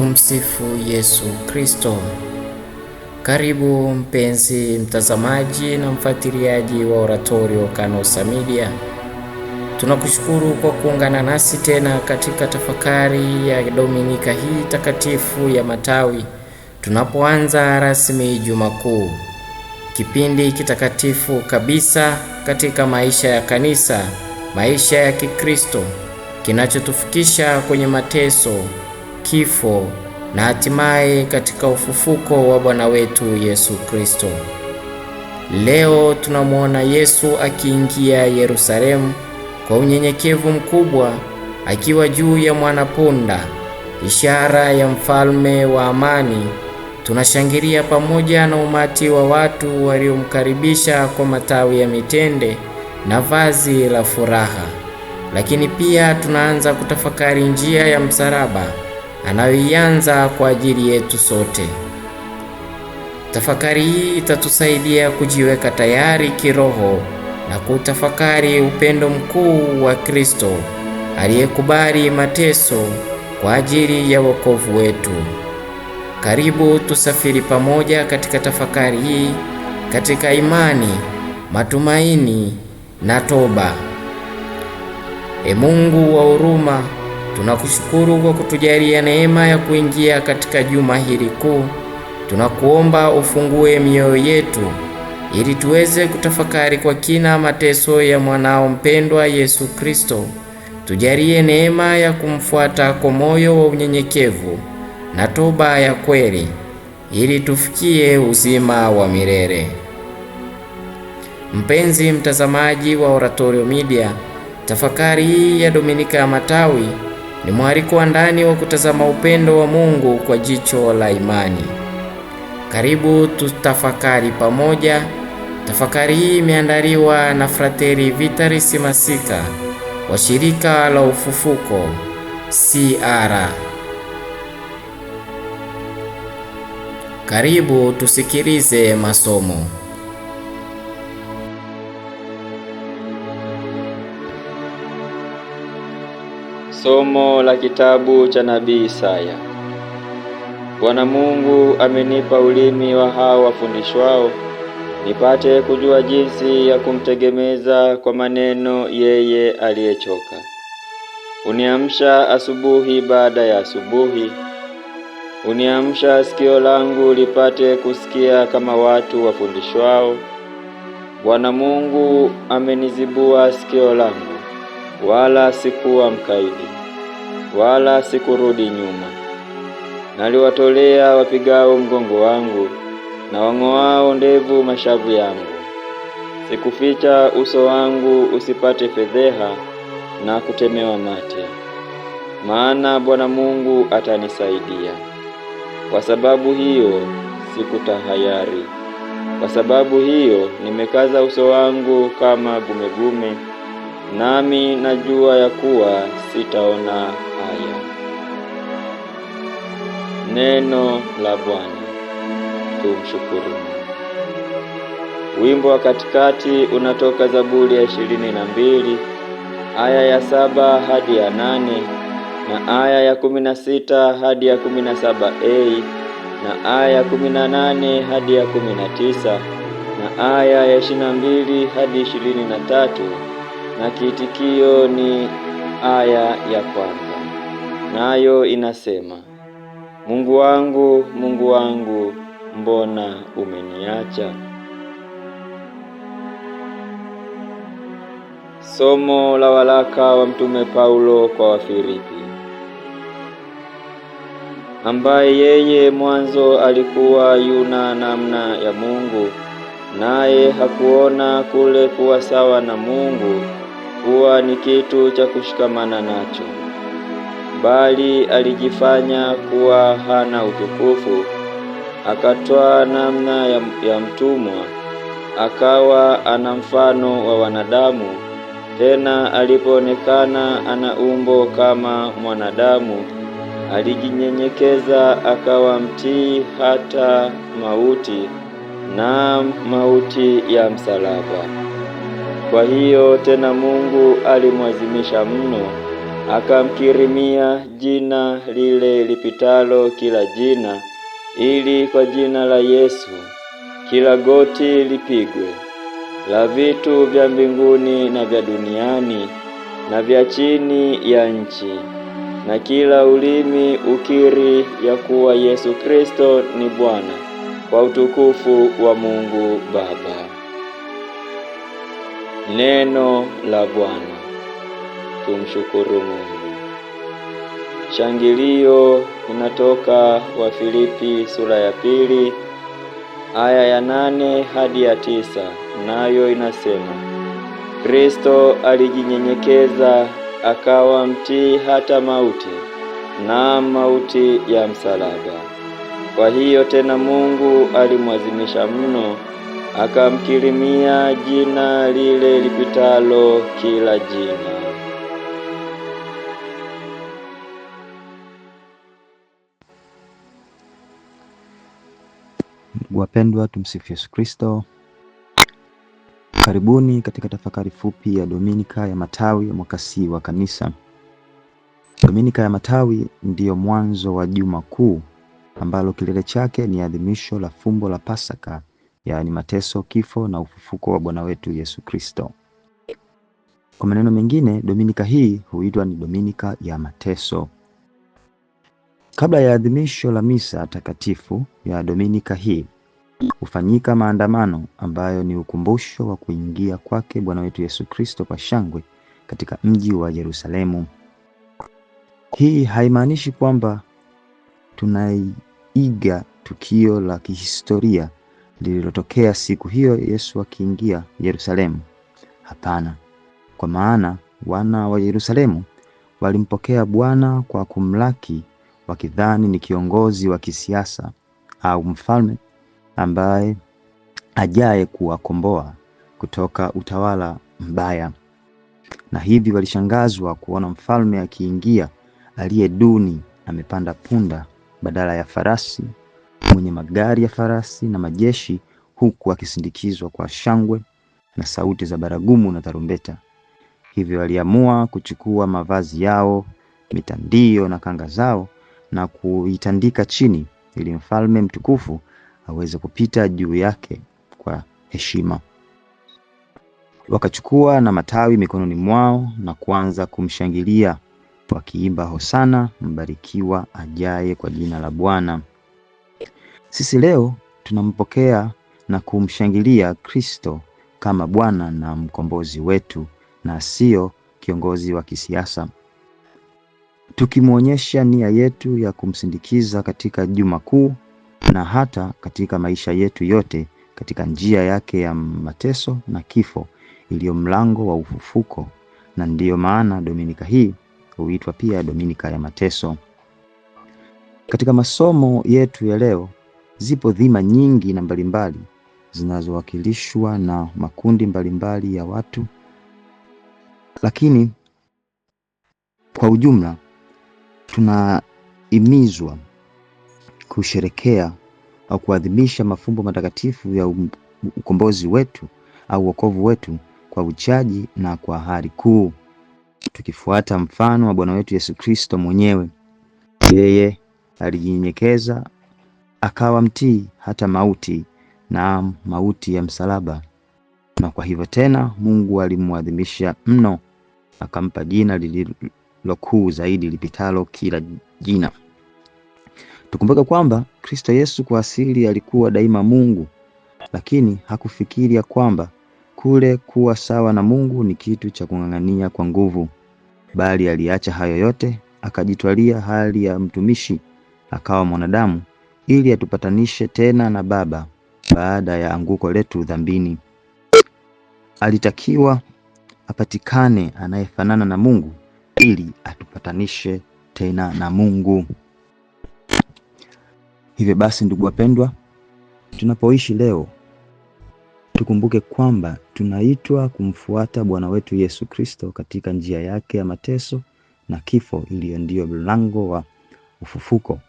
Tumsifu Yesu Kristo. Karibu mpenzi mtazamaji na mfuatiliaji wa Oratorio Kanosa Media. Tunakushukuru kwa kuungana nasi tena katika tafakari ya Dominika hii takatifu ya matawi, tunapoanza rasmi Juma Kuu, kipindi kitakatifu kabisa katika maisha ya kanisa, maisha ya Kikristo kinachotufikisha kwenye mateso kifo na hatimaye katika ufufuko wa Bwana wetu Yesu Kristo. Leo tunamwona Yesu akiingia Yerusalemu kwa unyenyekevu mkubwa akiwa juu ya mwanapunda, ishara ya mfalme wa amani. Tunashangilia pamoja na umati wa watu waliomkaribisha kwa matawi ya mitende na vazi la furaha, lakini pia tunaanza kutafakari njia ya msalaba anayoianza kwa ajili yetu sote. Tafakari hii itatusaidia kujiweka tayari kiroho na kutafakari upendo mkuu wa Kristo aliyekubali mateso kwa ajili ya wokovu wetu. Karibu tusafiri pamoja katika tafakari hii katika imani, matumaini na toba. E Mungu wa huruma Tunakushukuru kwa kutujalia neema ya kuingia katika juma hili kuu. Tunakuomba ufungue mioyo yetu ili tuweze kutafakari kwa kina mateso ya mwanao mpendwa Yesu Kristo. Tujalie neema ya kumfuata kwa moyo wa unyenyekevu na toba ya kweli ili tufikie uzima wa milele. Mpenzi mtazamaji wa Oratorio Media, tafakari hii ya Dominika ya Matawi ni mwaliko wa ndani wa kutazama upendo wa Mungu kwa jicho la imani. Karibu tutafakari pamoja. Tafakari hii imeandaliwa na Frateri Vitalis Masika wa Shirika la Ufufuko CR. Karibu tusikilize masomo. Somo la kitabu cha nabii Isaya. Bwana Mungu amenipa ulimi wa hao wafundishwao, nipate kujua jinsi ya kumtegemeza kwa maneno yeye aliyechoka. Uniamsha asubuhi baada ya asubuhi, uniamsha sikio langu lipate kusikia kama watu wafundishwao. Bwana Mungu amenizibua sikio langu wala sikuwa mkaidi, wala sikurudi nyuma. Naliwatolea wapigao mgongo wangu na wang'oao ndevu mashavu yangu. Sikuficha uso wangu usipate fedheha na kutemewa mate, maana Bwana Mungu atanisaidia. Kwa sababu hiyo sikutahayari, kwa sababu hiyo nimekaza uso wangu kama gumegume nami najua ya kuwa sitaona haya. Neno la Bwana. Tumshukuru. Wimbo wa katikati unatoka Zaburi ya ishirini na mbili aya ya saba hadi ya nane na aya ya kumi na sita hadi ya kumi na saba a na aya ya kumi na nane hadi ya kumi na tisa na aya ya ishirini na mbili hadi ishirini na tatu na kiitikio ni aya ya kwanza, nayo inasema Mungu wangu, Mungu wangu, mbona umeniacha? Somo la walaka wa Mtume Paulo kwa Wafilipi, ambaye yeye mwanzo alikuwa yuna namna ya Mungu, naye hakuona kule kuwa sawa na Mungu kuwa ni kitu cha kushikamana nacho, bali alijifanya kuwa hana utukufu, akatwaa namna ya, ya mtumwa, akawa ana mfano wa wanadamu. Tena alipoonekana ana umbo kama mwanadamu, alijinyenyekeza akawa mtii hata mauti, na mauti ya msalaba. Kwa hiyo tena Mungu alimwazimisha mno, akamkirimia jina lile lipitalo kila jina, ili kwa jina la Yesu kila goti lipigwe, la vitu vya mbinguni na vya duniani na vya chini ya nchi, na kila ulimi ukiri ya kuwa Yesu Kristo ni Bwana, kwa utukufu wa Mungu Baba. Neno la Bwana. Tumshukuru Mungu. Shangilio wa Wafilipi sura ya pili aya ya nane hadi ya tisa nayo inasema, Kristo alijinyenyekeza akawa mtii hata mauti, na mauti ya msalaba. Kwa hiyo tena Mungu alimwazimisha mno akamkirimia jina lile lipitalo kila jina. Wapendwa, tumsifu Yesu Kristo. Karibuni katika tafakari fupi ya Dominika ya Matawi ya mwaka C wa Kanisa. Dominika ya Matawi ndiyo mwanzo wa Juma Kuu ambalo kilele chake ni adhimisho la fumbo la Pasaka yaani mateso, kifo na ufufuko wa Bwana wetu Yesu Kristo. Kwa maneno mengine, dominika hii huitwa ni dominika ya mateso. Kabla ya adhimisho la misa takatifu ya dominika hii hufanyika maandamano ambayo ni ukumbusho wa kuingia kwake Bwana wetu Yesu Kristo kwa shangwe katika mji wa Yerusalemu. Hii haimaanishi kwamba tunaiga tukio la kihistoria lililotokea siku hiyo Yesu akiingia Yerusalemu? Hapana, kwa maana wana wa Yerusalemu walimpokea Bwana kwa kumlaki, wakidhani ni kiongozi wa kisiasa au mfalme ambaye ajaye kuwakomboa kutoka utawala mbaya, na hivi walishangazwa kuona mfalme akiingia aliye duni amepanda punda badala ya farasi mwenye magari ya farasi na majeshi, huku akisindikizwa kwa shangwe na sauti za baragumu na tarumbeta. Hivyo aliamua kuchukua mavazi yao, mitandio na kanga zao na kuitandika chini ili mfalme mtukufu aweze kupita juu yake kwa heshima. Wakachukua na matawi mikononi mwao na kuanza kumshangilia wakiimba hosana, mbarikiwa ajaye kwa jina la Bwana. Sisi leo tunampokea na kumshangilia Kristo kama Bwana na mkombozi wetu na sio kiongozi wa kisiasa, tukimwonyesha nia yetu ya kumsindikiza katika Juma Kuu na hata katika maisha yetu yote katika njia yake ya mateso na kifo iliyo mlango wa ufufuko. Na ndiyo maana Dominika hii huitwa pia Dominika ya Mateso. Katika masomo yetu ya leo Zipo dhima nyingi na mbalimbali zinazowakilishwa na makundi mbalimbali ya watu, lakini kwa ujumla tunahimizwa kusherekea au kuadhimisha mafumbo matakatifu ya um-, ukombozi wetu au wokovu wetu kwa uchaji na kwa hari kuu, tukifuata mfano wa Bwana wetu Yesu Kristo mwenyewe. Yeye alijinyenyekeza akawa mtii hata mauti, na mauti ya msalaba. Na kwa hivyo tena Mungu alimwadhimisha mno, akampa jina lililo kuu zaidi lipitalo kila jina. Tukumbuke kwamba Kristo Yesu kwa asili alikuwa daima Mungu, lakini hakufikiria kwamba kule kuwa sawa na Mungu ni kitu cha kung'ang'ania kwa nguvu, bali aliacha hayo yote akajitwalia hali ya mtumishi, akawa mwanadamu ili atupatanishe tena na Baba baada ya anguko letu dhambini. Alitakiwa apatikane anayefanana na Mungu ili atupatanishe tena na Mungu. Hivyo basi, ndugu wapendwa, tunapoishi leo tukumbuke kwamba tunaitwa kumfuata Bwana wetu Yesu Kristo katika njia yake ya mateso na kifo iliyo ndiyo mlango wa ufufuko.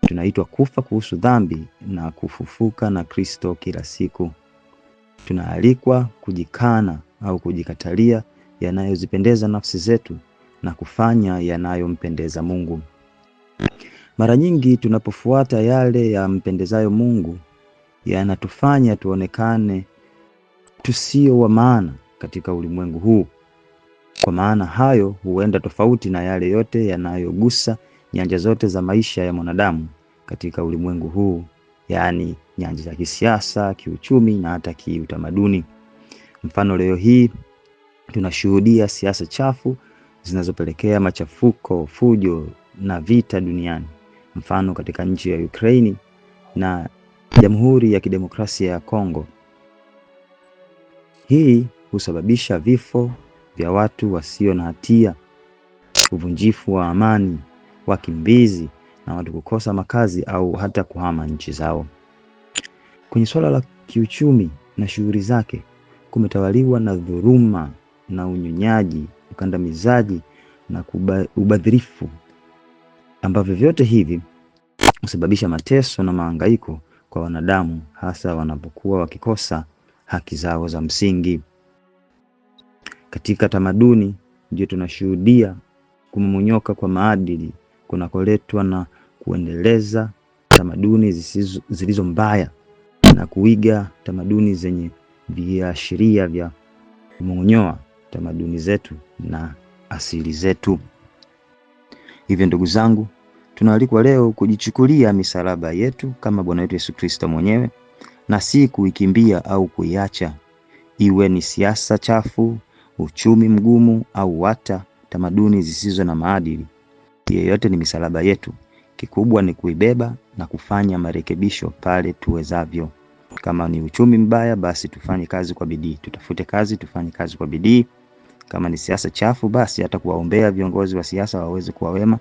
Tunaitwa kufa kuhusu dhambi na kufufuka na Kristo kila siku. Tunaalikwa kujikana au kujikatalia yanayozipendeza nafsi zetu na kufanya yanayompendeza Mungu. Mara nyingi tunapofuata yale yampendezayo Mungu, yanatufanya tuonekane tusio wa maana katika ulimwengu huu. Kwa maana hayo huenda tofauti na yale yote yanayogusa nyanja zote za maisha ya mwanadamu katika ulimwengu huu, yaani nyanja za kisiasa, kiuchumi na hata kiutamaduni. Mfano, leo hii tunashuhudia siasa chafu zinazopelekea machafuko, fujo na vita duniani. Mfano, katika nchi ya Ukraini na Jamhuri ya Kidemokrasia ya Kongo. Hii husababisha vifo vya watu wasio na hatia, uvunjifu wa amani wakimbizi na watu kukosa makazi au hata kuhama nchi zao. Kwenye suala la kiuchumi na shughuli zake, kumetawaliwa na dhuluma na unyonyaji, ukandamizaji na ubadhirifu, ambavyo vyote hivi husababisha mateso na maangaiko kwa wanadamu, hasa wanapokuwa wakikosa haki zao za msingi. Katika tamaduni, ndio tunashuhudia kumomonyoka kwa maadili kunakoletwa na kuendeleza tamaduni zilizo mbaya na kuiga tamaduni zenye viashiria vya kumong'onyoa tamaduni zetu na asili zetu. Hivyo ndugu zangu, tunaalikwa leo kujichukulia misalaba yetu kama Bwana wetu Yesu Kristo mwenyewe na si kuikimbia au kuiacha, iwe ni siasa chafu, uchumi mgumu au hata tamaduni zisizo na maadili yeyote ni misalaba yetu. Kikubwa ni kuibeba na kufanya marekebisho pale tuwezavyo. Kama ni uchumi mbaya, basi tufanye kazi kwa bidii, tutafute kazi, tufanye kazi kwa bidii. Kama ni siasa chafu, basi hata kuwaombea viongozi wa siasa waweze kuwa wema,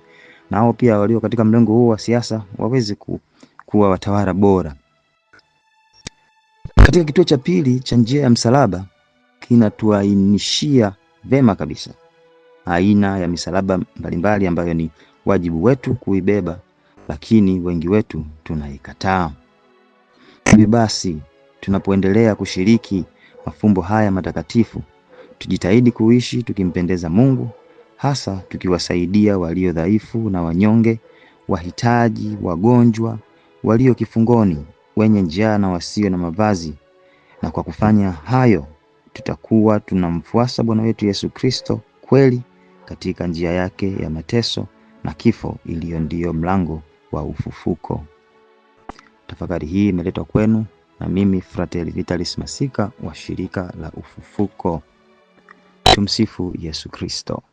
nao pia walio katika mlengo huu wa siasa waweze ku, kuwa watawala bora. Katika kituo cha pili cha njia ya msalaba kinatuainishia vema kabisa aina ya misalaba mbalimbali ambayo ni wajibu wetu kuibeba, lakini wengi wetu tunaikataa. Hivyo basi, tunapoendelea kushiriki mafumbo haya matakatifu, tujitahidi kuishi tukimpendeza Mungu, hasa tukiwasaidia walio dhaifu na wanyonge, wahitaji, wagonjwa, walio kifungoni, wenye njaa na wasio na mavazi. Na kwa kufanya hayo tutakuwa tunamfuasa Bwana wetu Yesu Kristo kweli katika njia yake ya mateso na kifo iliyo ndiyo mlango wa ufufuko. Tafakari hii imeletwa kwenu na mimi Frateli Vitalis Masika wa shirika la Ufufuko. Tumsifu Yesu Kristo.